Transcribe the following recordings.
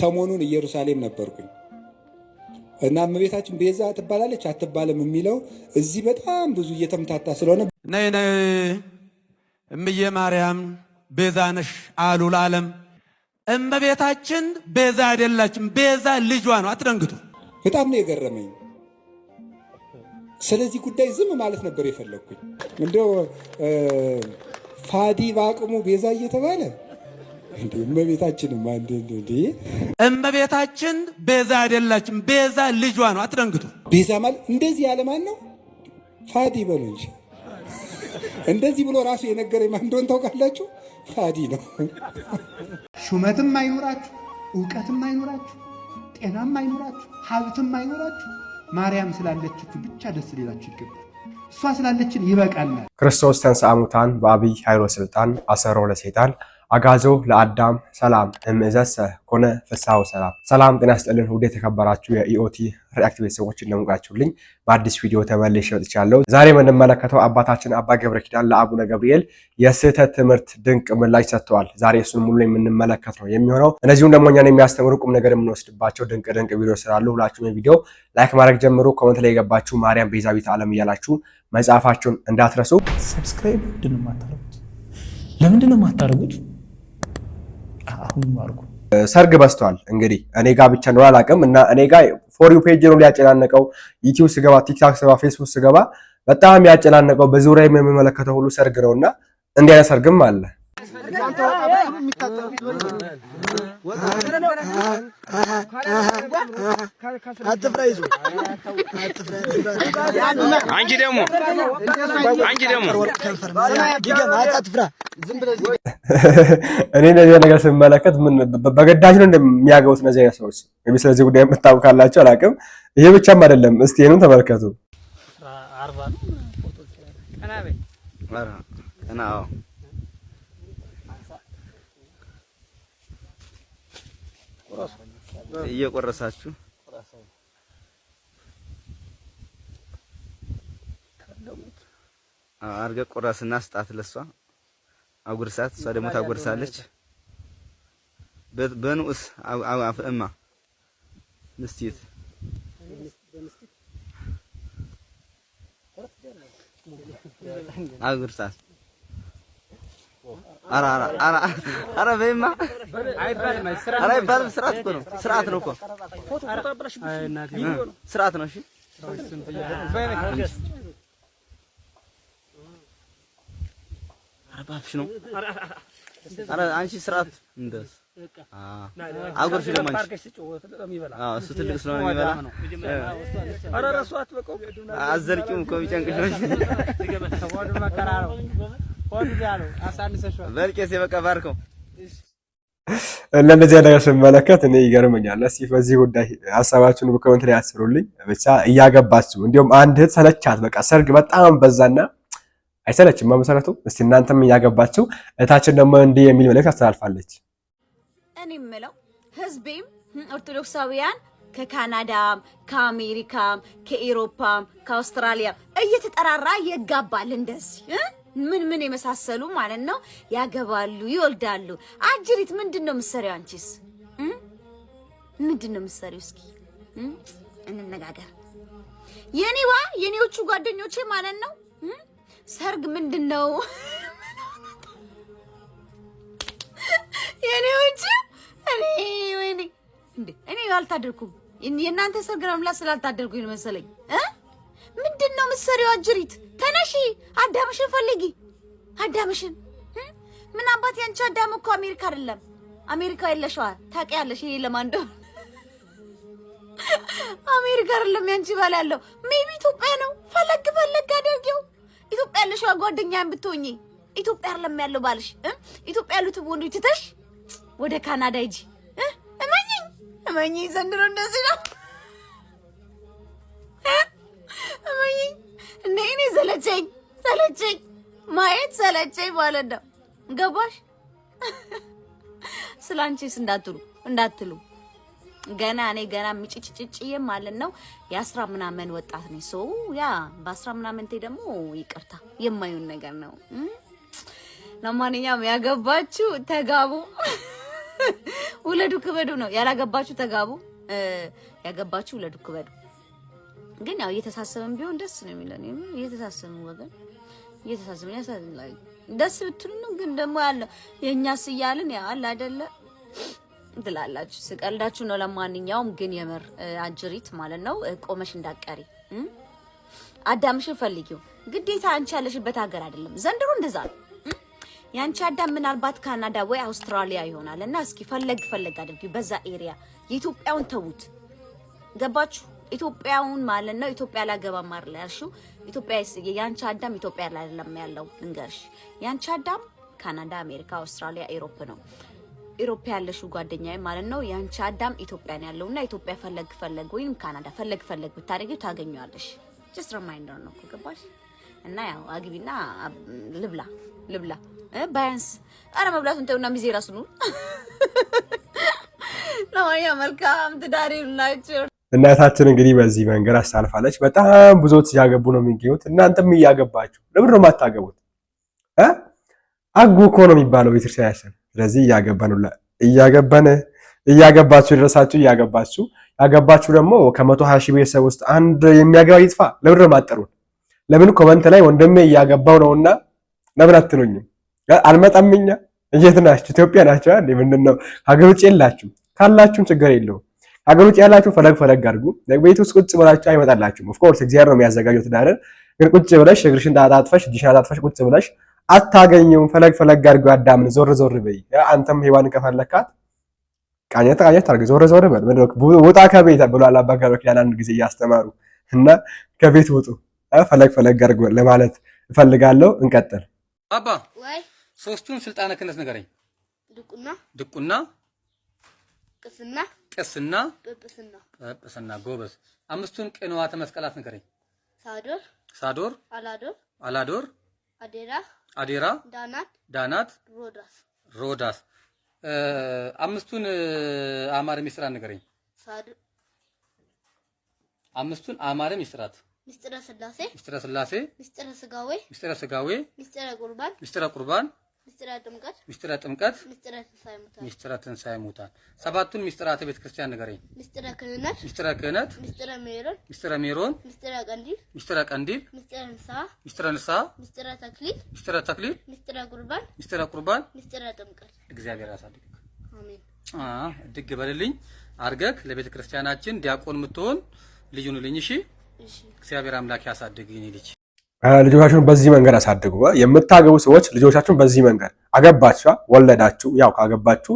ሰሞኑን ኢየሩሳሌም ነበርኩኝ እና እመቤታችን ቤዛ ትባላለች አትባልም የሚለው እዚህ በጣም ብዙ እየተምታታ ስለሆነ ነይ ነይ እምዬ ማርያም ቤዛ ነሽ አሉ ለዓለም። እመቤታችን ቤዛ አይደላችም፣ ቤዛ ልጇ ነው። አትደንግጡ። በጣም ነው የገረመኝ። ስለዚህ ጉዳይ ዝም ማለት ነበር የፈለግኩኝ። እንደው ፋዲ በአቅሙ ቤዛ እየተባለ እመቤታችንም አንዴ እመቤታችን ቤዛ አይደላችን፣ ቤዛ ልጇ ነው። አትደንግጡ። ቤዛ ማለት እንደዚህ ያለ ማን ነው? ፋዲ በሉ እንጂ እንደዚህ ብሎ ራሱ የነገረኝ ማን እንደሆነ ታውቃላችሁ? ፋዲ ነው። ሹመትም አይኖራችሁ፣ እውቀትም አይኖራችሁ፣ ጤናም አይኖራችሁ፣ ሀብትም አይኖራችሁ፣ ማርያም ስላለችችሁ ብቻ ደስ ሊላችሁ ይገባል። እሷ ስላለችን ይበቃል ክርስቶስ ተንሥአ እሙታን በአብይ ኃይሎ ስልጣን አሰሮ ለሰይጣን አጋዞ ለአዳም ሰላም እምእዘሰ ኮነ ፍስሐው ሰላም። ሰላም ጤና ስጥልን። ውድ የተከበራችሁ የኢኦቲ ሪአክቲቭ ቤተሰቦች እንደምቃችሁልኝ በአዲስ ቪዲዮ ተመልሼ መጥቻለሁ። ዛሬ የምንመለከተው አባታችን አባ ገብረ ኪዳን ለአቡነ ገብርኤል የስህተት ትምህርት ድንቅ ምላሽ ሰጥተዋል። ዛሬ እሱን ሙሉ የምንመለከት ነው የሚሆነው። እነዚሁም ደግሞ እኛን የሚያስተምሩ ቁም ነገር የምንወስድባቸው ድንቅ ድንቅ ቪዲዮ ስላሉ ሁላችሁም የቪዲዮ ላይክ ማድረግ ጀምሩ። ኮመንት ላይ የገባችሁ ማርያም ቤዛዊት ዓለም እያላችሁ መጽሐፋችሁን እንዳትረሱ። ሰብስክራይብ ምንድን ነው የማታደርጉት? ለምንድን ነው የማታደርጉት? አሁን አልኩ። ሰርግ በስተዋል። እንግዲህ እኔ ጋ ብቻ ነው አላውቅም። እና እኔ ጋ ፎር ዩ ፔጅ ነው ሊያጨናነቀው። ዩቲዩብ ስገባ፣ ቲክታክ ስገባ፣ ፌስቡክ ስገባ በጣም ያጨናነቀው በዙሪያ የሚመለከተው ሁሉ ሰርግ ነው እና እንዲህ አይነት ሰርግም አለ። አንቺ ደግሞ እኔ እንደዚህ ነገር ስመለከት ምን በገዳጅ ነው እንደሚያገቡት እነዚህ አይነት ሰዎች። እንግዲህ ስለዚህ ጉዳይ የምታውቁ ካላችሁ አላውቅም። ይሄ ብቻም አይደለም፣ እስቲ ይሄንን ተመልከቱ። እየቆረሳችሁ አርገ ቆረስና ስጣት ለሷ አጉርሳት፣ እሷ ደግሞ ታጎርሳለች። በንዑስ እማ ንስቲት አጉርሳት። አራ ኧረ ኧረ በይማ አይባልም። ስርዓት እኮ ነው፣ ስርዓት ነው እኮ ስርዓት ነው። እሺ አባትሽ ነው። አንቺ ስርዓት እንደስ አጎርሽ ደግሞ እሱ ትልቅ ስለሆነ የሚበላ አትበቀው አዘልቂው እኮ ቢጨንቅሽ በልቄስ የበቃ ባርከው ነገር ስመለከት እኔ ይገርመኛል። እስኪ በዚህ ጉዳይ ሀሳባችሁን በኮሜንት ላይ አስሩልኝ። ብቻ እያገባችሁ እንዲሁም አንድ እህት ሰለቻት፣ በቃ ሰርግ በጣም በዛና አይሰለችም በመሰረቱ። እስቲ እናንተም እያገባችው እህታችን ደግሞ እንዲህ የሚል መልእክት አስተላልፋለች። እኔ ምለው ህዝቤም ኦርቶዶክሳውያን ከካናዳም ከአሜሪካም ከኤሮፓም ከአውስትራሊያም እየተጠራራ ይጋባል። እንደዚህ ምን ምን የመሳሰሉ ማለት ነው ያገባሉ፣ ይወልዳሉ። አጅሪት ምንድን ነው ምሰሪው? አንቺስ ምንድን ነው ምሰሪው? እስኪ እንነጋገር። የኔዋ የኔዎቹ ጓደኞቼ ማለት ነው ሰርግ ምንድን ነው? የኔዎች እኔ ወይኔ እንዴ እኔ አልታደርኩም። የእናንተ ሰርግ ስላልታደርኩ ስላልታደርኩኝ መሰለኝ። ምንድን ነው ምሰሪው? አጅሪት ተነሺ፣ አዳምሽን ፈልጊ። አዳምሽን ምን አባት ያንቺ አዳም እኮ አሜሪካ አይደለም። አሜሪካ የለሽዋ ታውቂያለሽ። ይሄ ለማንዶ አሜሪካ አይደለም ያንቺ ባል ያለው ሜቢ ኢትዮጵያ ነው። ፈለግ ፈለግ አድርጊው። ኢትዮጵያ ያለሽ ጓደኛዬን ብትሆኚ ኢትዮጵያ አይደለም ያለው ባልሽ፣ ኢትዮጵያ ያሉትን ወንዶች ትተሽ ወደ ካናዳ ሂጂ። እመኚ እመኚ፣ ዘንድሮ እንደዚህ ነው። እመኚ እንደ እኔ ሰለቸኝ ሰለቸኝ፣ ማየት ሰለቸኝ ማለት ነው። ገባሽ? ስላንቺስ እንዳትሉ እንዳትሉ ገና እኔ ገና ምጭጭጭጭዬ ማለት ነው የአስራ ምናምን ወጣት ነኝ። ሶ ያ በአስራ ምናምንቴ ደግሞ ይቅርታ የማዩን ነገር ነው። ለማንኛውም ያገባችሁ ተጋቡ፣ ውለዱ፣ ክበዱ ነው። ያላገባችሁ ተጋቡ፣ ያገባችሁ ውለዱ፣ ክበዱ። ግን ያው እየተሳሰብን ቢሆን ደስ ነው የሚለን። እየተሳሰብን ወገን እየተሳሰብን ያሳዝን ደስ ብትሉ ነው። ግን ደግሞ ያለ የእኛስ እያልን ያው አለ አይደለ ብላላችሁ ስቀልዳችሁ ነው። ለማንኛውም ግን የምር አጅሪት ማለት ነው ቆመሽ እንዳቀሪ አዳምሽን ፈልጊው። ግዴታ አንቺ ያለሽበት ሀገር አይደለም ዘንድሮ እንደዛ ነው። የአንቺ አዳም ምናልባት ካናዳ ወይ አውስትራሊያ ይሆናል። እና እስኪ ፈለግ ፈለግ አድርጊ በዛ ኤሪያ። የኢትዮጵያውን ተዉት። ገባችሁ? ኢትዮጵያውን ማለት ነው። ኢትዮጵያ ላገባ ማርላ ያልሽው ኢትዮጵያ የአንቺ አዳም ኢትዮጵያ ላይ አይደለም ያለው ልንገርሽ። የአንቺ አዳም ካናዳ፣ አሜሪካ፣ አውስትራሊያ፣ ኤሮፕ ነው። ኢሮፓ ያለሽው ጓደኛዬ ማለት ነው የአንቺ አዳም ኢትዮጵያ ነው ያለውና ኢትዮጵያ ፈለግ ፈለግ ወይም ካናዳ ፈለግ ፈለግ ብታደርጊው ታገኘዋለሽ። ጀስት ሪማይንደር ነው እኮ ገባሽ? እና ያው አግቢና ልብላ ልብላ ባያንስ አረ መብላቱን ተውና ሚዜ ራሱ ነው። ለማንኛውም መልካም ትዳር ይሁንላችሁ። እናታችን እንግዲህ በዚህ መንገድ አሳልፋለች። በጣም ብዙዎች እያገቡ ነው የሚገኙት። እናንተም እያገባችሁ ለምንድን ነው የማታገቡት? አጎ እኮ ነው የሚባለው ቤተክርስቲያናችን ስለዚህ እያገባን እያገባን እያገባችሁ የደረሳችሁ እያገባችሁ ያገባችሁ ደግሞ ከመቶ ሀያ ሺህ ቤተሰብ ውስጥ አንድ የሚያገባ ይጥፋ። ለምድር ማጠሩን ለምን ኮመንት ላይ ወንድሜ እያገባው ነውና ለምን አትሉኝም? አልመጣምኛ እየት ናችሁ? ኢትዮጵያ ናቸው አይደል? ምንድን ነው ሀገር ውጭ የላችሁም? ካላችሁም ችግር የለውም። ሀገር ውጭ ያላችሁ ፈለግ ፈለግ አድርጉ። ቤት ውስጥ ቁጭ ብላችሁ አይመጣላችሁም። ኦፍኮርስ እግዚአብሔር ነው የሚያዘጋጀው ትዳርን። ግን ቁጭ ብለሽ እግርሽን ታጣጥፈሽ እጅሽን ታጣጥፈሽ ቁጭ ብለሽ አታገኘውም። ፈለግ ፈለግ አድርገው አዳምን ዞር ዞር በይ። አንተም ሔዋን ከፈለካት ቃኘት ቃኘት አድርገው ዞር ዞር በል፣ ውጣ ከቤት ብሏል አባ ገብረ ኪዳን አንድ ጊዜ እያስተማሩ እና ከቤት ውጡ ፈለግ ፈለግ አድርገው ለማለት እፈልጋለሁ። እንቀጥል። አባ ሶስቱን ስልጣነ ክህነት ንገረኝ። ድቁና፣ ድቁና፣ ቅስና፣ ቅስና፣ ጵጵስና፣ ጵጵስና። ጎበዝ። አምስቱን ቅንዋተ መስቀላት ንገረኝ። ሳዶር፣ ሳዶር፣ አላዶር፣ አላዶር አዴራ፣ ዳናት፣ ዳናት ሮዳስ። አምስቱን አማር ሚስጥራት ንገረኝ። አምስቱን አማር ሚስጥራት ሚስጥረ ስላሴ፣ ሚስጥረ ስላሴ፣ ሚስጥረ ስጋዌ፣ ሚስጥረ ስጋዌ፣ ሚስጥረ ቁርባን፣ ሚስጥረ ቁርባን ሚስጥረ ጥምቀት፣ ሚስጥረ ትንሣኤ ሙታን። ሰባቱን ሚስጥራተ ቤተ ክርስቲያን ንገረኝ። ሚስጥረ ክህነት፣ ሚስጥረ ክህነት፣ ሚስጥረ ሜሮን፣ ሚስጥረ ሜሮን፣ ሚስጥረ ቀንዲል፣ ሚስጥረ ቀንዲል፣ ሚስጥረ ንስሐ፣ ሚስጥረ ንስሐ፣ ተክሊል፣ ሚስጥረ ተክሊል፣ ሚስጥረ ቁርባን፣ ሚስጥረ ቁርባን፣ ሚስጥረ ጥምቀት። እግዚአብሔር ያሳድግ። አሜን። አዎ ድግ በልልኝ አርገክ ለቤተ ክርስቲያናችን ዲያቆን የምትሆን ልዩን ልኝ። እሺ፣ እግዚአብሔር አምላክ ያሳድግ ይኔ ልጅ ልጆቻችሁን በዚህ መንገድ አሳድጉ። የምታገቡ ሰዎች ልጆቻችሁን በዚህ መንገድ አገባችሁ፣ ወለዳችሁ፣ ያው ካገባችሁ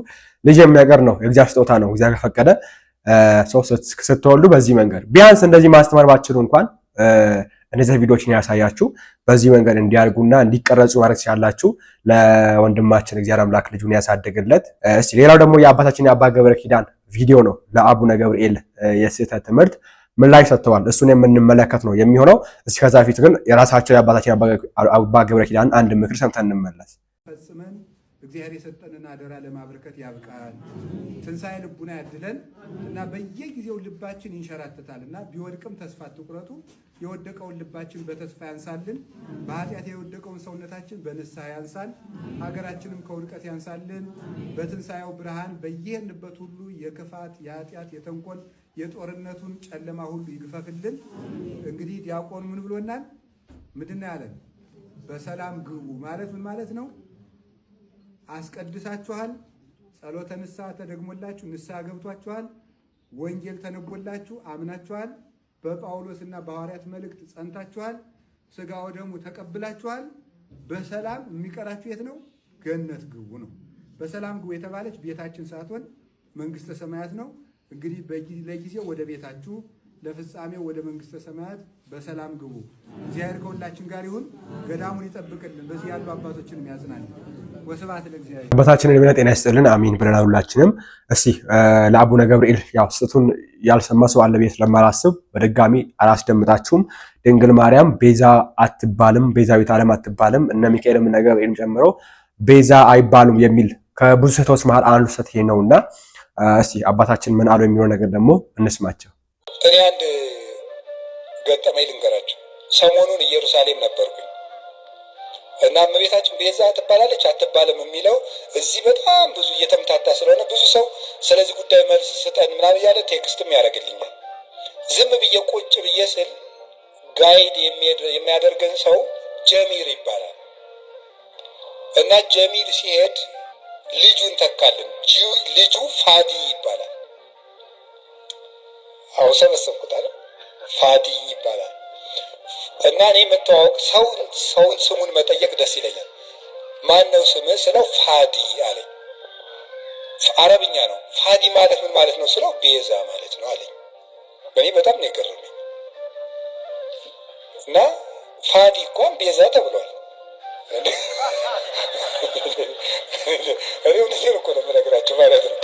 ልጅ የሚያገር ነው፣ የእግዚአብሔር ስጦታ ነው። እግዚአብሔር ፈቀደ ሰው ስትወልዱ በዚህ መንገድ ቢያንስ እንደዚህ ማስተማር ባችሉ እንኳን እነዚህ ቪዲዮዎችን ያሳያችሁ በዚህ መንገድ እንዲያርጉና እንዲቀረጹ ማድረግ ሲያላችሁ ለወንድማችን እግዚአብሔር አምላክ ልጁን ያሳድግለት። እስቲ ሌላው ደግሞ የአባታችን የአባ ገብረ ኪዳን ቪዲዮ ነው ለአቡነ ገብርኤል የስህተት ትምህርት ምላሽ ሰጥተዋል። እሱን የምንመለከት ነው የሚሆነው። እስከዛ ከዛ ግን የራሳቸው የአባታችን አባ ገብረ ኪዳን አንድ ምክር ሰምተን እንመለስ። ፈጽመን እግዚአብሔር የሰጠንን አደራ ለማበርከት ያብቃል። ትንሣኤ ልቡና ያድለን እና በየጊዜው ልባችን ይንሸራተታል እና ቢወድቅም ተስፋ ትቁረጡ የወደቀውን ልባችን በተስፋ ያንሳልን። በኃጢአት የወደቀውን ሰውነታችን በንስሐ ያንሳል። ሀገራችንም ከውድቀት ያንሳልን። በትንሣኤው ብርሃን በየሄድንበት ሁሉ የክፋት የኃጢአት የተንኮል የጦርነቱን ጨለማ ሁሉ ይግፈፍልን። እንግዲህ ዲያቆኑ ምን ብሎናል? ምንድን ያለን? በሰላም ግቡ ማለት ምን ማለት ነው? አስቀድሳችኋል፣ ጸሎተ ንስሐ ተደግሞላችሁ ንስሐ ገብቷችኋል፣ ወንጌል ተነቦላችሁ አምናችኋል፣ በጳውሎስና በሐዋርያት መልእክት ጸንታችኋል፣ ስጋው ደግሞ ተቀብላችኋል። በሰላም የሚቀራችሁ የት ነው? ገነት ግቡ ነው። በሰላም ግቡ የተባለች ቤታችን ሳትሆን መንግስተ ሰማያት ነው። እንግዲህ ለጊዜው ወደ ቤታችሁ ለፍጻሜው ወደ መንግስተ ሰማያት በሰላም ግቡ። እግዚአብሔር ከሁላችን ጋር ይሁን። ገዳሙን ይጠብቅልን፣ በዚህ ያሉ አባቶችን የሚያዝናል። ወስብሐት ለእግዚአብሔር። አባታችን ዕድሜና ጤና ይስጥልን፣ አሚን ብለናል። ሁላችንም እስቲ ለአቡነ ገብርኤል ያው ስጡን። ያልሰማ ሰው አለ ቤት ለማላስብ በድጋሚ አላስደምጣችሁም። ድንግል ማርያም ቤዛ አትባልም፣ ቤዛዊት ዓለም አትባልም፣ እነ ሚካኤልም እነ ገብርኤልም ጨምረው ቤዛ አይባሉም የሚል ከብዙ ስህተቶች መሃል አንዱ ስህተት ይሄ ነውና እስቲ አባታችን ምን አሉ የሚለው ነገር ደግሞ እንስማቸው። እኔ አንድ ገጠመኝ ልንገራቸው። ሰሞኑን ኢየሩሳሌም ነበርኩኝ እና እመቤታችን ቤዛ ትባላለች አትባልም የሚለው እዚህ በጣም ብዙ እየተምታታ ስለሆነ ብዙ ሰው ስለዚህ ጉዳይ መልስ ስጠን ምናምን እያለ ቴክስትም ያደርግልኛል። ዝም ብዬ ቁጭ ብዬ ስል ጋይድ የሚያደርገን ሰው ጀሚር ይባላል እና ጀሚር ሲሄድ ልጁ እንተካለን። ልጁ ፋዲ ይባላል። አዎ ሰበሰብኩታል። ፋዲ ይባላል እና እኔ መተዋወቅ ሰውን ሰውን ስሙን መጠየቅ ደስ ይለኛል። ማን ነው ስምህ ስለው ፋዲ አለኝ። አረብኛ ነው። ፋዲ ማለት ምን ማለት ነው ስለው ቤዛ ማለት ነው አለኝ። በእኔ በጣም ነው የገረመኝ። እና ፋዲ እንኳን ቤዛ ተብሏል። እውነቴን እኮ ነው ማለት ነው።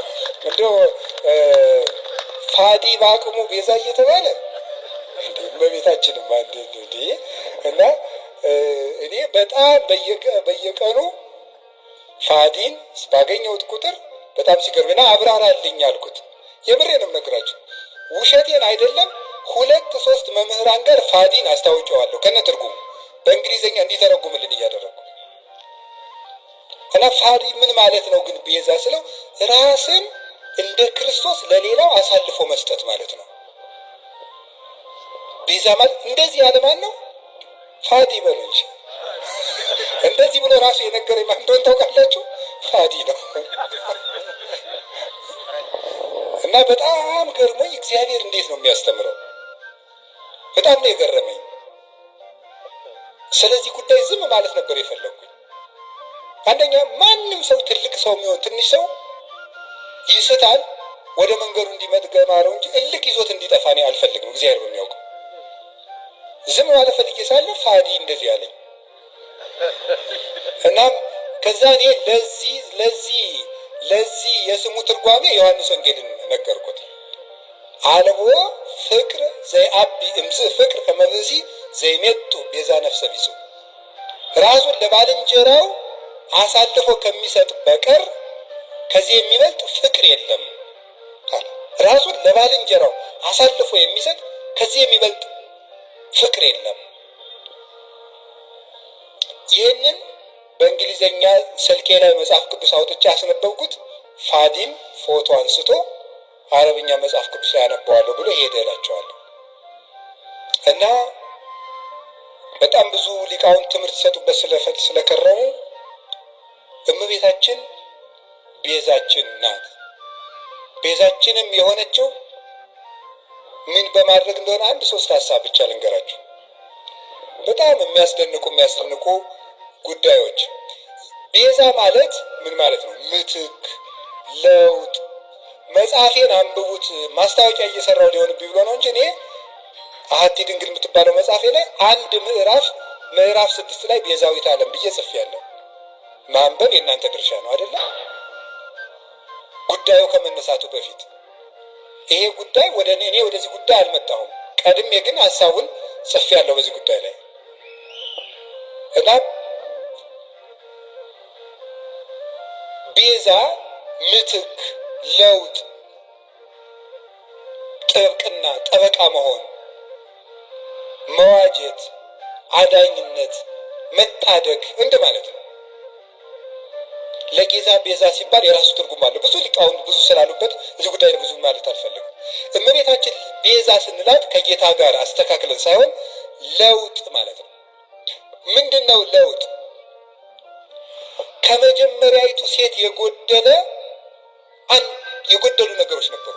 በአቅሙ ቤዛ እየተባለ አንድ እና እኔ በጣም በየቀኑ ፋዲን ባገኘሁት ቁጥር በጣም ሲገርምና አብራራልኝ አልኩት። ውሸቴን አይደለም። ሁለት ሶስት መምህራን ጋር ፋዲን አስታውቀዋለሁ ከነ ትርጉሙ በእንግሊዝኛ እንዲተረጉምልን እያደረግኩ እና ፋዲ ምን ማለት ነው ግን ቤዛ ስለው ራስን እንደ ክርስቶስ ለሌላው አሳልፎ መስጠት ማለት ነው። ቤዛ ማለት እንደዚህ ያለ ማን ነው? ፋዲ በሉ እንጂ እንደዚህ ብሎ ራሱ የነገረኝ ማን እንደሆነ ታውቃላችሁ? ፋዲ ነው። እና በጣም ገርሞኝ እግዚአብሔር እንዴት ነው የሚያስተምረው? በጣም ነው የገረመኝ። ስለዚህ ጉዳይ ዝም ማለት ነበር የፈለግኩኝ። አንደኛ ማንም ሰው ትልቅ ሰው የሚሆን ትንሽ ሰው ይስታል፣ ወደ መንገዱ እንዲመጥ ገማረው እንጂ እልክ ይዞት እንዲጠፋ እኔ አልፈልግም። እግዚአብሔር በሚያውቀው ዝም ማለት ፈልጌ ሳለ ፋዲ እንደዚህ አለኝ። እናም ከዛ እኔ ለዚህ ለዚህ ለዚህ የስሙ ትርጓሜ ዮሐንስ ወንጌልን ነገርኩት። አልቦ ፍቅር ዘይአቢ እምዝ ፍቅር ከመብዚ ዘይሜጡ ቤዛ ነፍሰ ቢሱ ራሱን ለባልንጀራው አሳልፎ ከሚሰጥ በቀር ከዚህ የሚበልጥ ፍቅር የለም። ራሱን ለባልንጀራው አሳልፎ የሚሰጥ ከዚህ የሚበልጥ ፍቅር የለም። ይህንን በእንግሊዘኛ ስልኬ ላይ መጽሐፍ ቅዱስ አውጥቼ ያስነበብኩት ፋዲም ፎቶ አንስቶ አረብኛ መጽሐፍ ቅዱስ ላይ ያነበዋለሁ ብሎ ሄደ እላቸዋለሁ። እና በጣም ብዙ ሊቃውንት ትምህርት ሲሰጡበት ስለከረሙ እመቤታችን ቤዛችን ናት። ቤዛችንም የሆነችው ምን በማድረግ እንደሆነ አንድ ሶስት ሀሳብ ብቻ ልንገራችሁ። በጣም የሚያስደንቁ የሚያስደንቁ ጉዳዮች። ቤዛ ማለት ምን ማለት ነው? ምትክ፣ ለውጥ። መጽሐፌን አንብቡት ማስታወቂያ እየሰራው ሊሆንብኝ ብሎ ነው እንጂ እኔ አሀቲ ድንግል የምትባለው መጽሐፌ ላይ አንድ ምዕራፍ ምዕራፍ ስድስት ላይ ቤዛዊት ዓለም ብዬ ጽፌያለሁ። ማንበብ የእናንተ ድርሻ ነው አይደለ? ጉዳዩ ከመነሳቱ በፊት ይሄ ጉዳይ ወደ እኔ ወደዚህ ጉዳይ አልመጣሁም። ቀድሜ ግን ሀሳቡን ጽፌ ያለው በዚህ ጉዳይ ላይ እና ቤዛ፣ ምትክ፣ ለውጥ፣ ጥብቅና፣ ጠበቃ መሆን፣ መዋጀት፣ አዳኝነት፣ መታደግ እንደ ማለት ነው። ለጌታ ቤዛ ሲባል የራሱ ትርጉም አለው። ብዙ ሊቃውንት ብዙ ስላሉበት እዚህ ጉዳይ ብዙ ማለት አልፈልግም። እመቤታችን ቤዛ ስንላት ከጌታ ጋር አስተካክለን ሳይሆን ለውጥ ማለት ነው። ምንድን ነው ለውጥ? ከመጀመሪያይቱ ሴት የጎደለ የጎደሉ ነገሮች ነበሩ።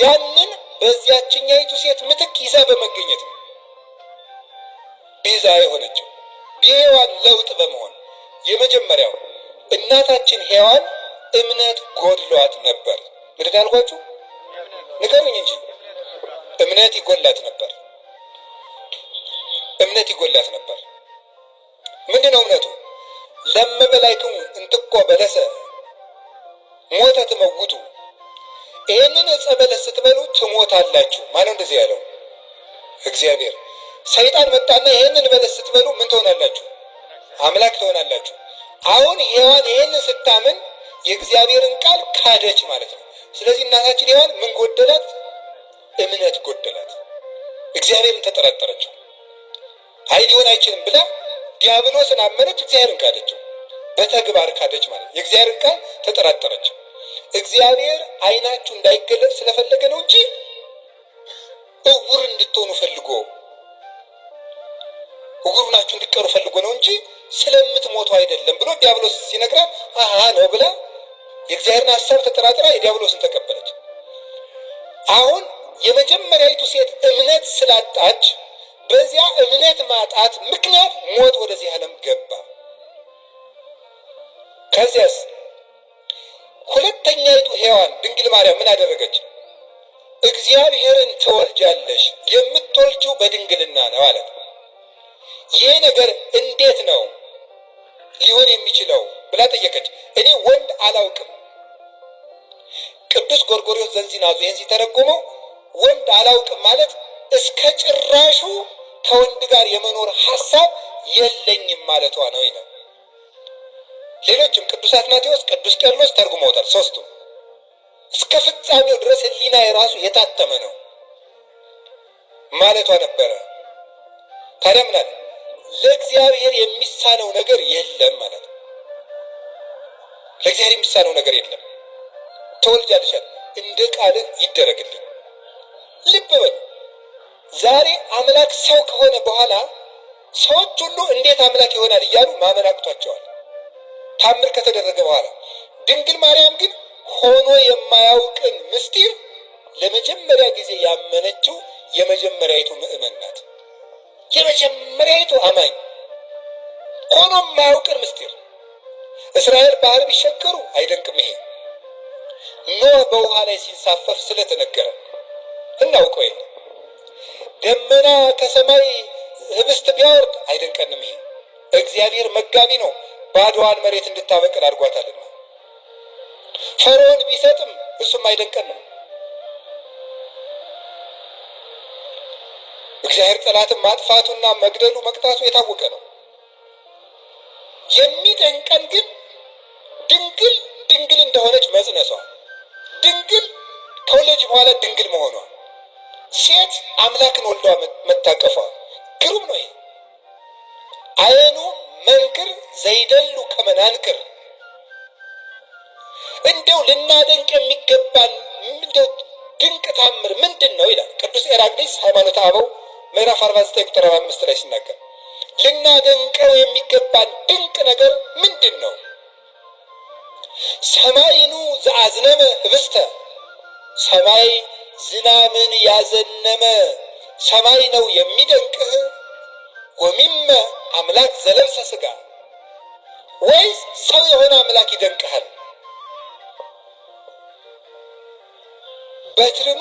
ያንን በዚያችኛይቱ ሴት ምትክ ይዛ በመገኘት ነው ቤዛ የሆነችው። ቤዋን ለውጥ በመሆን የመጀመሪያው እናታችን ሔዋን እምነት ጎድሏት ነበር። ምንድን አልኳችሁ? ንገሩኝ እንጂ እምነት ይጎላት ነበር። እምነት ይጎላት ነበር። ምንድን ነው እምነቱ? ለመበላይቱም እንትኮ በለሰ ሞተ ትመውቱ፣ ይህንን ዕፀ በለስ ስትበሉ ትሞታላችሁ። ማነው እንደዚህ ያለው? እግዚአብሔር። ሰይጣን መጣና ይህንን በለስ ስትበሉ ምን ትሆናላችሁ? አምላክ ትሆናላችሁ። አሁን ሔዋን ይህን ስታምን የእግዚአብሔርን ቃል ካደች ማለት ነው። ስለዚህ እናታችን ሔዋን ምን ጎደላት? እምነት ጎደላት። እግዚአብሔርን ተጠራጠረችው። አይ ሊሆን አይችልም ብላ ዲያብሎስን አመነች፣ እግዚአብሔርን ካደችው። በተግባር ካደች ማለት የእግዚአብሔርን ቃል ተጠራጠረችው። እግዚአብሔር ዓይናችሁ እንዳይገለጽ ስለፈለገ ነው እንጂ እውር እንድትሆኑ ፈልጎ እውር ናችሁ እንዲቀሩ ፈልጎ ነው እንጂ ስለምትሞቱ አይደለም ብሎ ዲያብሎስ ሲነግራት አሀ ነው ብላ የእግዚአብሔርን ሀሳብ ተጠራጥራ የዲያብሎስን ተቀበለች። አሁን የመጀመሪያዊቱ ሴት እምነት ስላጣች በዚያ እምነት ማጣት ምክንያት ሞት ወደዚህ ዓለም ገባ። ከዚያስ ሁለተኛይቱ ሔዋን ድንግል ማርያም ምን አደረገች? እግዚአብሔርን ትወልጃለሽ የምትወልጂው በድንግልና ነው አለት። ይሄ ነገር እንዴት ነው? ሊሆን የሚችለው ብላ ጠየቀች። እኔ ወንድ አላውቅም። ቅዱስ ጎርጎሪዎስ ዘንዚናዙ ይህን ሲተረጉመው ወንድ አላውቅም ማለት እስከ ጭራሹ ከወንድ ጋር የመኖር ሀሳብ የለኝም ማለቷ ነው ይላል። ሌሎችም ቅዱስ አትናቴዎስ፣ ቅዱስ ቄርሎስ ተርጉመውታል። ሶስቱ እስከ ፍጻሜው ድረስ ህሊና የራሱ የታተመ ነው ማለቷ ነበረ። ታዲያ ለእግዚአብሔር የሚሳነው ነገር የለም ማለት ነው። ለእግዚአብሔር የሚሳነው ነገር የለም። ተወልጃለሻል፣ እንደ ቃልህ ይደረግልኝ። ልብ በል ዛሬ አምላክ ሰው ከሆነ በኋላ ሰዎች ሁሉ እንዴት አምላክ ይሆናል እያሉ ማመን አቅቷቸዋል፣ ታምር ከተደረገ በኋላ። ድንግል ማርያም ግን ሆኖ የማያውቅን ምስጢር ለመጀመሪያ ጊዜ ያመነችው የመጀመሪያይቱ ምእመን ናት። የመጀመሪያቱ አማኝ ሆኖም ማያውቅን ምስጢር እስራኤል ባህር ቢሸገሩ አይደንቅም። ይሄ ኖህ በውሃ ላይ ሲንሳፈፍ ስለተነገረ እናውቀው የለ ደመና ከሰማይ ህብስት ቢያወርድ አይደንቀንም። ይሄ እግዚአብሔር መጋቢ ነው፣ ባድዋን መሬት እንድታበቅል አድርጓታልና። ፈርዖን ቢሰጥም እሱም አይደንቀንም። እግዚአብሔር ጠላትን ማጥፋቱና መግደሉ መቅጣቱ የታወቀ ነው። የሚደንቀን ግን ድንግል ድንግል እንደሆነች መጽነሷ፣ ድንግል ከወለጅ በኋላ ድንግል መሆኗ፣ ሴት አምላክን ወልዷ መታቀፏ ግሩም ነው። ይሄ አየኑ መንክር ዘይደሉ ከመናንክር እንደው ልናደንቅ የሚገባን ድንቅ ታምር ምንድን ነው ይላል ቅዱስ ኤራቅሊስ ሃይማኖተ አበው ምዕራፍ 49 ቁጥር 45 ላይ ሲናገር ልናደንቀው የሚገባን ድንቅ ነገር ምንድን ነው? ሰማይኑ ዘአዝነመ ህብስተ ሰማይ ዝናምን ያዘነመ ሰማይ ነው የሚደንቅህ። ወሚመ አምላክ ዘለብሰ ስጋ ወይስ ሰው የሆነ አምላክ ይደንቅሃል? በትርኑ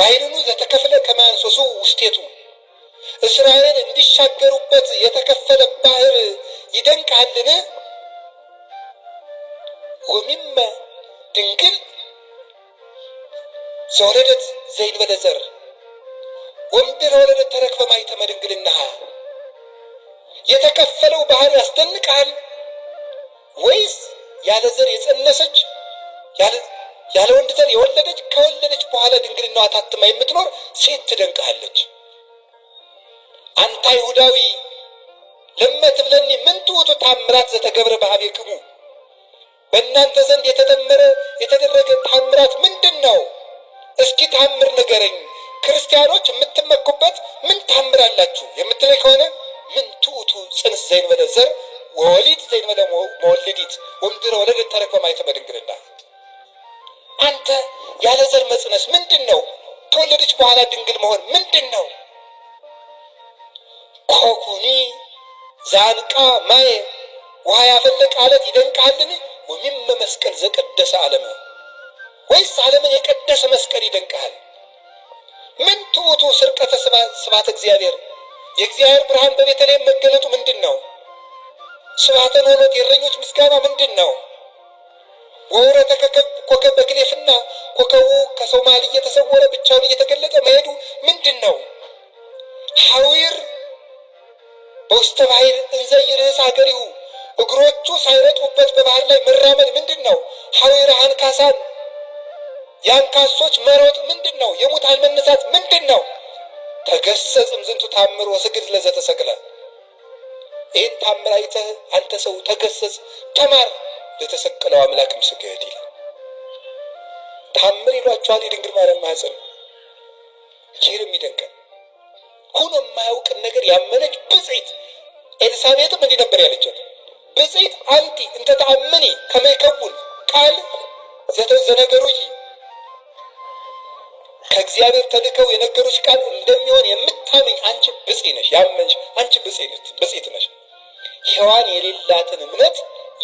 ባይንኑ ዘተከፍለ ከማንሶሱ ውስቴቱ እስራኤል እንዲሻገሩበት የተከፈለ ባህር ይደንቃልን? ወሚመ ድንግል ዘወለደት ዘይንበለ ዘር ወምድር ወለደት ተረክበ ማኅተመ ድንግልናሃ የተከፈለው ባህር ያስደንቃል ወይስ ያለ ዘር የጸነሰች ያለ ወንድ ዘር የወለደች ከወለደች በኋላ ድንግልና ታትማ የምትኖር ሴት ትደንቅሃለች። አንታ ይሁዳዊ ለመ ብለኒ ምን ትውቱ ታምራት ዘተገብረ በኀቤክሙ፣ በእናንተ ዘንድ የተጠመረ የተደረገ ታምራት ምንድን ነው? እስኪ ታምር ንገረኝ። ክርስቲያኖች የምትመኩበት ምን ታምራላችሁ አላችሁ ከሆነ ምን ትውቱ ፅንስ ዘይንበለ ዘር ወወሊድ ዘይንበለ መወልዲት ወምድረ ወለደት ተረክበ ማኅተመ ድንግልና አንተ ያለ ዘር መጽነስ ምንድን ነው? ከወለደች በኋላ ድንግል መሆን ምንድን ነው? ኮኩኒ ዛንቃ ማየ ውሃ ያፈለቀ አለት ይደንቃልን? ወሚመ መስቀል ዘቀደሰ ዓለመ ወይስ ዓለምን የቀደሰ መስቀል ይደንቃል ምን ትዑቱ ስርቀተ ስባት እግዚአብሔር የእግዚአብሔር ብርሃን በቤተልሔም መገለጡ ምንድን ነው? ስባተን ኖሎት የእረኞች ምስጋና ምንድን ነው? ወረቀ ኮከብ በክሌፍና ኮከቡ ከሶማሊ እየተሰወረ ብቻውን እየተገለጠ መሄዱ ምንድን ነው? ሐዊር በውስተ ባሕር እንዘ ይርህስ አገሪሁ እግሮቹ ሳይረጡበት በባህር ላይ መራመድ ምንድን ነው? ሐዊር አንካሳን የአንካሶች መሮጥ ምንድን ነው? የሙታን መነሳት ምንድን ነው? ተገሰጽም ዝንቱ ታምር ወስግድ ለዘተሰቅለ ይህን ታምር አይተህ አንተ ሰው ተገሰጽ፣ ተማር። ለተሰቀለው አምላክም ስገድ ይላል። ታምር ይሏቸዋል። የድንግል ማርያም ማህፀን ይህን የሚደንቀን ሁኖ የማያውቅን ነገር ያመነች ብጽት ኤልሳቤጥም እንዲህ ነበር ያለቻት፣ ብጽት አንቲ እንተ ተአምኒ ከመ ይከውን ቃል ዘነገሩኪ ከእግዚአብሔር ተልከው የነገሮች ቃል እንደሚሆን የምታምኝ አንቺ ብጽ ነሽ። ያመንሽ አንቺ ብጽ ነሽ። ሔዋን የሌላትን እምነት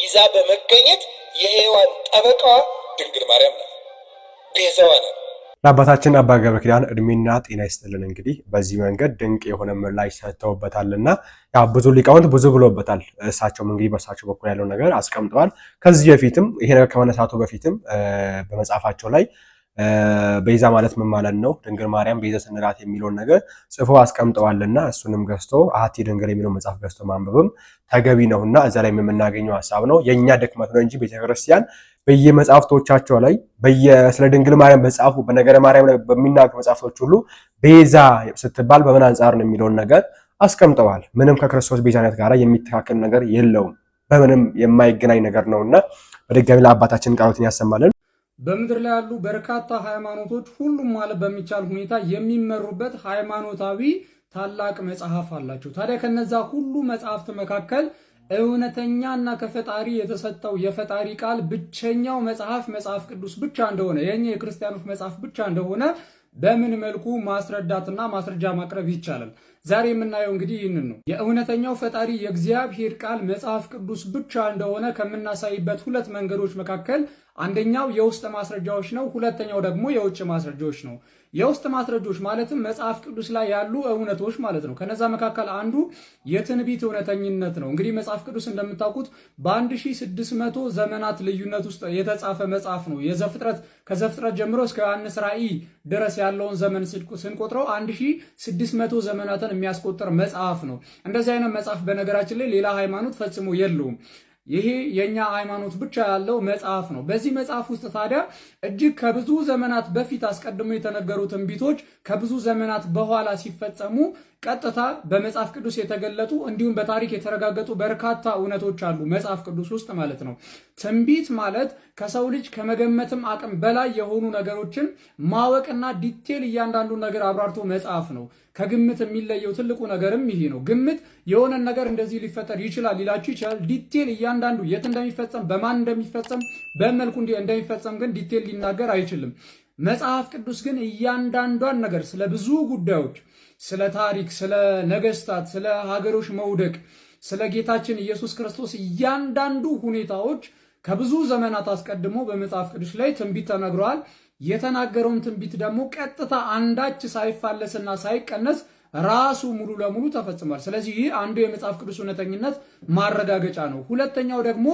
ይዛ በመገኘት የሔዋን ጠበቃዋ ድንግል ማርያም ናት፣ ቤዛዋ ናት። ለአባታችን አባ ገብረ ኪዳን እድሜና ጤና ይስጥልን። እንግዲህ በዚህ መንገድ ድንቅ የሆነ ምላሽ ሰጥተውበታልና ያው ብዙ ሊቃውንት ብዙ ብሎበታል። እሳቸውም እንግዲህ በእሳቸው በኩል ያለው ነገር አስቀምጠዋል። ከዚህ በፊትም ይሄ ነገር ከመነሳቱ በፊትም በመጽሐፋቸው ላይ ቤዛ ማለት ምን ማለት ነው? ድንግል ማርያም ቤዛ ስንላት የሚለውን ነገር ጽፎ አስቀምጠዋልና እሱንም ገዝቶ አሐቲ ድንግል የሚለው መጽሐፍ ገዝቶ ማንበብም ተገቢ ነውና እዛ ላይ የምናገኘው ሀሳብ ነው። የእኛ ድክመት ነው እንጂ ቤተክርስቲያን በየመጽሐፍቶቻቸው ላይ ስለ ድንግል ማርያም በጻፉ በነገረ ማርያም ላይ በሚናገሩ መጽሐፍቶች ሁሉ ቤዛ ስትባል በምን አንጻር ነው የሚለውን ነገር አስቀምጠዋል። ምንም ከክርስቶስ ቤዛነት ጋር የሚተካከል ነገር የለውም። በምንም የማይገናኝ ነገር ነውና በድጋሚ ለአባታችን ቃሎትን ያሰማልን። በምድር ላይ ያሉ በርካታ ሃይማኖቶች ሁሉም ማለት በሚቻል ሁኔታ የሚመሩበት ሃይማኖታዊ ታላቅ መጽሐፍ አላቸው። ታዲያ ከነዛ ሁሉ መጽሐፍት መካከል እውነተኛና ከፈጣሪ የተሰጠው የፈጣሪ ቃል ብቸኛው መጽሐፍ መጽሐፍ ቅዱስ ብቻ እንደሆነ የኛ የክርስቲያኖች መጽሐፍ ብቻ እንደሆነ በምን መልኩ ማስረዳትና ማስረጃ ማቅረብ ይቻላል? ዛሬ የምናየው እንግዲህ ይህንን ነው። የእውነተኛው ፈጣሪ የእግዚአብሔር ቃል መጽሐፍ ቅዱስ ብቻ እንደሆነ ከምናሳይበት ሁለት መንገዶች መካከል አንደኛው የውስጥ ማስረጃዎች ነው፣ ሁለተኛው ደግሞ የውጭ ማስረጃዎች ነው። የውስጥ ማስረጃዎች ማለትም መጽሐፍ ቅዱስ ላይ ያሉ እውነቶች ማለት ነው። ከነዛ መካከል አንዱ የትንቢት እውነተኝነት ነው። እንግዲህ መጽሐፍ ቅዱስ እንደምታውቁት በ1600 ዘመናት ልዩነት ውስጥ የተጻፈ መጽሐፍ ነው። የዘፍጥረት ከዘፍጥረት ጀምሮ እስከ ዮሐንስ ራእይ ድረስ ያለውን ዘመን ስንቆጥረው 1600 ዘመናትን የሚያስቆጥር መጽሐፍ ነው። እንደዚህ አይነት መጽሐፍ በነገራችን ላይ ሌላ ሃይማኖት ፈጽሞ የለውም። ይሄ የኛ ሃይማኖት ብቻ ያለው መጽሐፍ ነው። በዚህ መጽሐፍ ውስጥ ታዲያ እጅግ ከብዙ ዘመናት በፊት አስቀድሞ የተነገሩ ትንቢቶች ከብዙ ዘመናት በኋላ ሲፈጸሙ ቀጥታ በመጽሐፍ ቅዱስ የተገለጡ እንዲሁም በታሪክ የተረጋገጡ በርካታ እውነቶች አሉ መጽሐፍ ቅዱስ ውስጥ ማለት ነው። ትንቢት ማለት ከሰው ልጅ ከመገመትም አቅም በላይ የሆኑ ነገሮችን ማወቅና ዲቴል እያንዳንዱ ነገር አብራርቶ መጽሐፍ ነው። ከግምት የሚለየው ትልቁ ነገርም ይሄ ነው። ግምት የሆነን ነገር እንደዚህ ሊፈጠር ይችላል ሊላችሁ ይችላል። ዲቴል እያንዳንዱ የት እንደሚፈጸም፣ በማን እንደሚፈጸም፣ በመልኩ እንደሚፈጸም ግን ዲቴል ሊናገር አይችልም። መጽሐፍ ቅዱስ ግን እያንዳንዷን ነገር ስለ ብዙ ጉዳዮች፣ ስለ ታሪክ፣ ስለ ነገስታት፣ ስለ ሀገሮች መውደቅ፣ ስለ ጌታችን ኢየሱስ ክርስቶስ እያንዳንዱ ሁኔታዎች ከብዙ ዘመናት አስቀድሞ በመጽሐፍ ቅዱስ ላይ ትንቢት ተነግረዋል። የተናገረውን ትንቢት ደግሞ ቀጥታ አንዳች ሳይፋለስና ሳይቀነስ ራሱ ሙሉ ለሙሉ ተፈጽሟል። ስለዚህ ይህ አንዱ የመጽሐፍ ቅዱስ እውነተኝነት ማረጋገጫ ነው። ሁለተኛው ደግሞ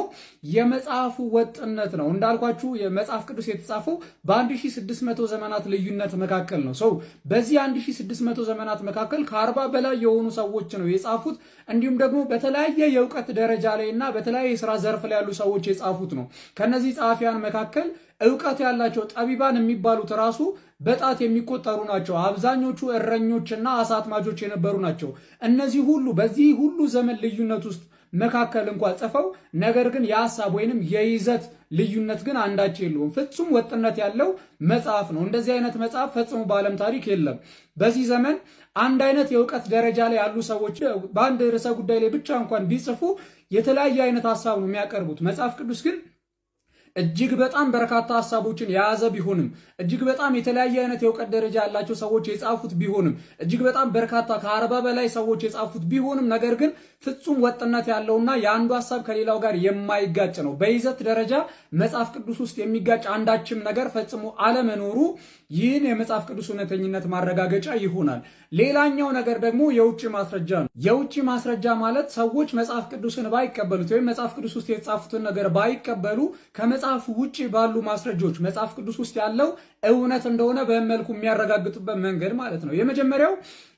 የመጽሐፉ ወጥነት ነው። እንዳልኳችሁ የመጽሐፍ ቅዱስ የተጻፈው በ1600 ዘመናት ልዩነት መካከል ነው። ሰው በዚህ 1600 ዘመናት መካከል ከአርባ በላይ የሆኑ ሰዎች ነው የጻፉት። እንዲሁም ደግሞ በተለያየ የእውቀት ደረጃ ላይ እና በተለያየ የስራ ዘርፍ ላይ ያሉ ሰዎች የጻፉት ነው። ከነዚህ ጸሐፊያን መካከል እውቀት ያላቸው ጠቢባን የሚባሉት ራሱ በጣት የሚቆጠሩ ናቸው። አብዛኞቹ እረኞችና አሳትማጆች የነበሩ ናቸው። እነዚህ ሁሉ በዚህ ሁሉ ዘመን ልዩነት ውስጥ መካከል እንኳ ጽፈው ነገር ግን የሀሳብ ወይንም የይዘት ልዩነት ግን አንዳች የለውም። ፍጹም ወጥነት ያለው መጽሐፍ ነው። እንደዚህ አይነት መጽሐፍ ፈጽሞ በዓለም ታሪክ የለም። በዚህ ዘመን አንድ አይነት የእውቀት ደረጃ ላይ ያሉ ሰዎች በአንድ ርዕሰ ጉዳይ ላይ ብቻ እንኳን ቢጽፉ የተለያየ አይነት ሀሳብ ነው የሚያቀርቡት። መጽሐፍ ቅዱስ ግን እጅግ በጣም በርካታ ሀሳቦችን የያዘ ቢሆንም እጅግ በጣም የተለያየ አይነት የእውቀት ደረጃ ያላቸው ሰዎች የጻፉት ቢሆንም እጅግ በጣም በርካታ ከአርባ በላይ ሰዎች የጻፉት ቢሆንም ነገር ግን ፍጹም ወጥነት ያለውና የአንዱ ሀሳብ ከሌላው ጋር የማይጋጭ ነው። በይዘት ደረጃ መጽሐፍ ቅዱስ ውስጥ የሚጋጭ አንዳችም ነገር ፈጽሞ አለመኖሩ ይህን የመጽሐፍ ቅዱስ እውነተኝነት ማረጋገጫ ይሆናል። ሌላኛው ነገር ደግሞ የውጭ ማስረጃ ነው። የውጭ ማስረጃ ማለት ሰዎች መጽሐፍ ቅዱስን ባይቀበሉት ወይም መጽሐፍ ቅዱስ ውስጥ የተጻፉትን ነገር ባይቀበሉ ከመጽሐፍ ውጭ ባሉ ማስረጃዎች መጽሐፍ ቅዱስ ውስጥ ያለው እውነት እንደሆነ በመልኩ የሚያረጋግጡበት መንገድ ማለት ነው። የመጀመሪያው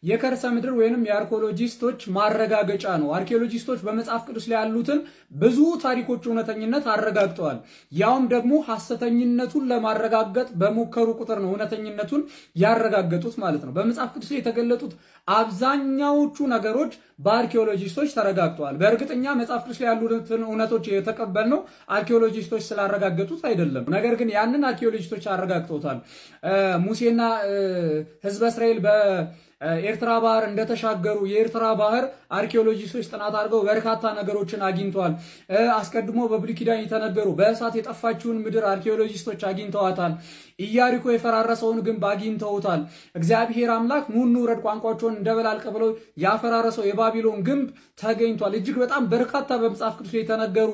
የከርሰ ምድር ወይንም የአርኪኦሎጂስቶች ማረጋገጫ ነው። አርኪኦሎጂስቶች በመጽሐፍ ቅዱስ ላይ ያሉትን ብዙ ታሪኮች እውነተኝነት አረጋግጠዋል። ያውም ደግሞ ሐሰተኝነቱን ለማረጋገጥ በሞከሩ ቁጥር ነው እውነተኝነቱን ያረጋገጡት ማለት ነው። በመጽሐፍ ቅዱስ ላይ የተገለጡት አብዛኛዎቹ ነገሮች በአርኪኦሎጂስቶች ተረጋግጠዋል። በእርግጠኛ መጽሐፍ ቅዱስ ላይ ያሉትን እውነቶች የተቀበልነው አርኪኦሎጂስቶች ስላረጋገጡት አይደለም። ነገር ግን ያንን አርኪኦሎጂስቶች አረጋግጠውታል። ሙሴና ህዝበ እስራኤል በ ኤርትራ ባህር እንደተሻገሩ የኤርትራ ባህር አርኪኦሎጂስቶች ጥናት አድርገው በርካታ ነገሮችን አግኝተዋል። አስቀድሞ በብሉይ ኪዳን የተነገሩ በእሳት የጠፋችውን ምድር አርኪኦሎጂስቶች አግኝተዋታል። ኢያሪኮ የፈራረሰውን ግንብ አግኝተውታል። እግዚአብሔር አምላክ ኑ እንውረድ ቋንቋቸውን እንደበላልቀ ብለው ያፈራረሰው የባቢሎን ግንብ ተገኝቷል። እጅግ በጣም በርካታ በመጽሐፍ ቅዱስ የተነገሩ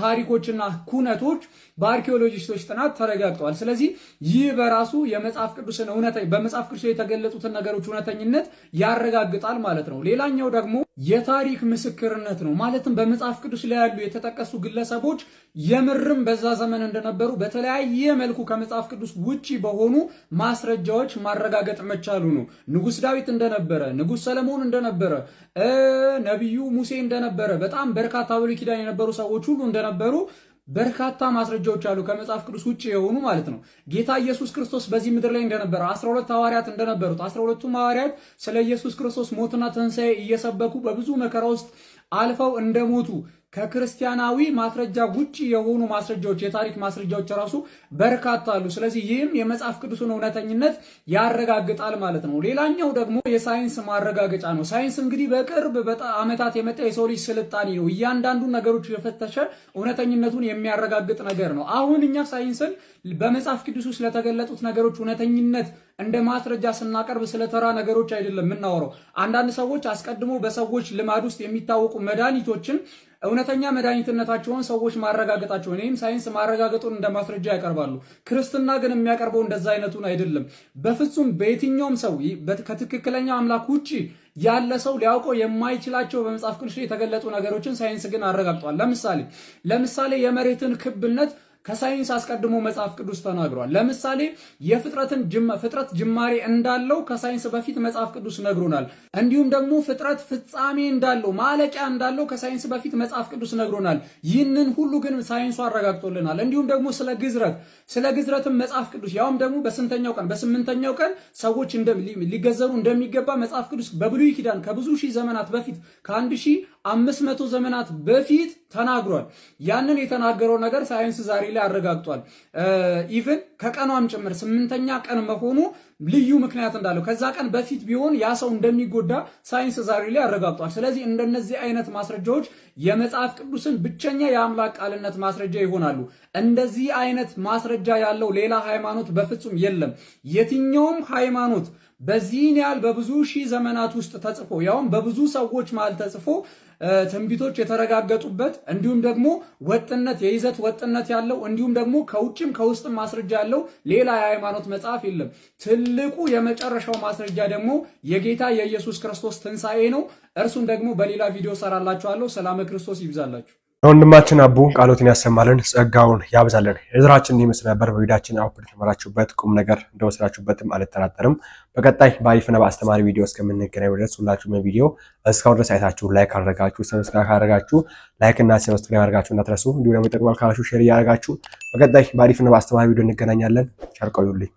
ታሪኮችና ኩነቶች በአርኪኦሎጂስቶች ጥናት ተረጋግጠዋል። ስለዚህ ይህ በራሱ የመጽሐፍ ቅዱስን እውነተ በመጽሐፍ ቅዱስ የተገለጡትን ነገሮች እውነተኝነት ያረጋግጣል ማለት ነው። ሌላኛው ደግሞ የታሪክ ምስክርነት ነው። ማለትም በመጽሐፍ ቅዱስ ላይ ያሉ የተጠቀሱ ግለሰቦች የምርም በዛ ዘመን እንደነበሩ በተለያየ መልኩ ከመጽሐፍ ቅዱስ ውጪ በሆኑ ማስረጃዎች ማረጋገጥ መቻሉ ነው። ንጉሥ ዳዊት እንደነበረ፣ ንጉሥ ሰለሞን እንደነበረ፣ ነቢዩ ሙሴ እንደነበረ በጣም በርካታ ብሉይ ኪዳን የነበሩ ሰዎች ሁሉ እንደነበሩ በርካታ ማስረጃዎች አሉ፣ ከመጽሐፍ ቅዱስ ውጭ የሆኑ ማለት ነው። ጌታ ኢየሱስ ክርስቶስ በዚህ ምድር ላይ እንደነበረ፣ 12 ሐዋርያት እንደነበሩት፣ 12ቱም ሐዋርያት ስለ ኢየሱስ ክርስቶስ ሞትና ትንሣኤ እየሰበኩ በብዙ መከራ ውስጥ አልፈው እንደሞቱ ከክርስቲያናዊ ማስረጃ ውጭ የሆኑ ማስረጃዎች የታሪክ ማስረጃዎች ራሱ በርካታ አሉ። ስለዚህ ይህም የመጽሐፍ ቅዱስን እውነተኝነት ያረጋግጣል ማለት ነው። ሌላኛው ደግሞ የሳይንስ ማረጋገጫ ነው። ሳይንስ እንግዲህ በቅርብ ዓመታት የመጣ የሰው ልጅ ስልጣኔ ነው። እያንዳንዱ ነገሮች የፈተሸ እውነተኝነቱን የሚያረጋግጥ ነገር ነው። አሁን እኛ ሳይንስን በመጽሐፍ ቅዱስ ውስጥ ለተገለጡት ነገሮች እውነተኝነት እንደ ማስረጃ ስናቀርብ ስለተራ ነገሮች አይደለም የምናወራው። አንዳንድ ሰዎች አስቀድሞ በሰዎች ልማድ ውስጥ የሚታወቁ መድኃኒቶችን እውነተኛ መድኃኒትነታቸውን ሰዎች ማረጋገጣቸውን ይህም ሳይንስ ማረጋገጡን እንደ ማስረጃ ያቀርባሉ። ክርስትና ግን የሚያቀርበው እንደዛ አይነቱን አይደለም። በፍጹም በየትኛውም ሰው ከትክክለኛ አምላክ ውጭ ያለ ሰው ሊያውቀው የማይችላቸው በመጽሐፍ ቅዱስ የተገለጡ ነገሮችን ሳይንስ ግን አረጋግጧል። ለምሳሌ ለምሳሌ የመሬትን ክብነት ከሳይንስ አስቀድሞ መጽሐፍ ቅዱስ ተናግሯል። ለምሳሌ የፍጥረትን ፍጥረት ጅማሬ እንዳለው ከሳይንስ በፊት መጽሐፍ ቅዱስ ነግሮናል። እንዲሁም ደግሞ ፍጥረት ፍጻሜ እንዳለው ማለቂያ እንዳለው ከሳይንስ በፊት መጽሐፍ ቅዱስ ነግሮናል። ይህንን ሁሉ ግን ሳይንሱ አረጋግጦልናል። እንዲሁም ደግሞ ስለ ግዝረት ስለ ግዝረትም መጽሐፍ ቅዱስ ያውም ደግሞ በስንተኛው ቀን በስምንተኛው ቀን ሰዎች ሊገዘሩ እንደሚገባ መጽሐፍ ቅዱስ በብሉይ ኪዳን ከብዙ ሺህ ዘመናት በፊት ከአንድ ሺህ አምስት መቶ ዘመናት በፊት ተናግሯል። ያንን የተናገረው ነገር ሳይንስ ዛሬ ላይ አረጋግጧል። ኢቭን ከቀኗም ጭምር ስምንተኛ ቀን መሆኑ ልዩ ምክንያት እንዳለው ከዛ ቀን በፊት ቢሆን ያ ሰው እንደሚጎዳ ሳይንስ ዛሬ ላይ አረጋግጧል። ስለዚህ እንደነዚህ አይነት ማስረጃዎች የመጽሐፍ ቅዱስን ብቸኛ የአምላክ ቃልነት ማስረጃ ይሆናሉ። እንደዚህ አይነት ማስረጃ ያለው ሌላ ሃይማኖት በፍጹም የለም። የትኛውም ሃይማኖት በዚህን ያህል በብዙ ሺህ ዘመናት ውስጥ ተጽፎ ያውም በብዙ ሰዎች መሃል ተጽፎ ትንቢቶች የተረጋገጡበት እንዲሁም ደግሞ ወጥነት የይዘት ወጥነት ያለው እንዲሁም ደግሞ ከውጭም ከውስጥም ማስረጃ ያለው ሌላ የሃይማኖት መጽሐፍ የለም። ትልቁ የመጨረሻው ማስረጃ ደግሞ የጌታ የኢየሱስ ክርስቶስ ትንሣኤ ነው። እርሱን ደግሞ በሌላ ቪዲዮ ሰራላችኋለሁ። ሰላም ክርስቶስ ይብዛላችሁ። ለወንድማችን አቡ ቃሎትን ያሰማልን ጸጋውን ያብዛልን። እዝራችን ይመስል ነበር። በቪዲዮአችን አውፕድ ተመራችሁበት፣ ቁም ነገር እንደወሰዳችሁበትም አልጠራጠርም። በቀጣይ በአሪፍና በአስተማሪ ቪዲዮ እስከምንገናኝ ድረስ ሁላችሁም ቪዲዮ እስካሁን ድረስ አይታችሁ ላይክ አድረጋችሁ ሰብስክራ ካደረጋችሁ ላይክ እና ሰብስክራይብ አድርጋችሁ እንዳትረሱ፣ እንዲሁም ደግሞ ይጠቅማል ካላችሁ ሼር እያደረጋችሁ በቀጣይ በአሪፍና በአስተማሪ ቪዲዮ እንገናኛለን። ቸር ቆዩልኝ።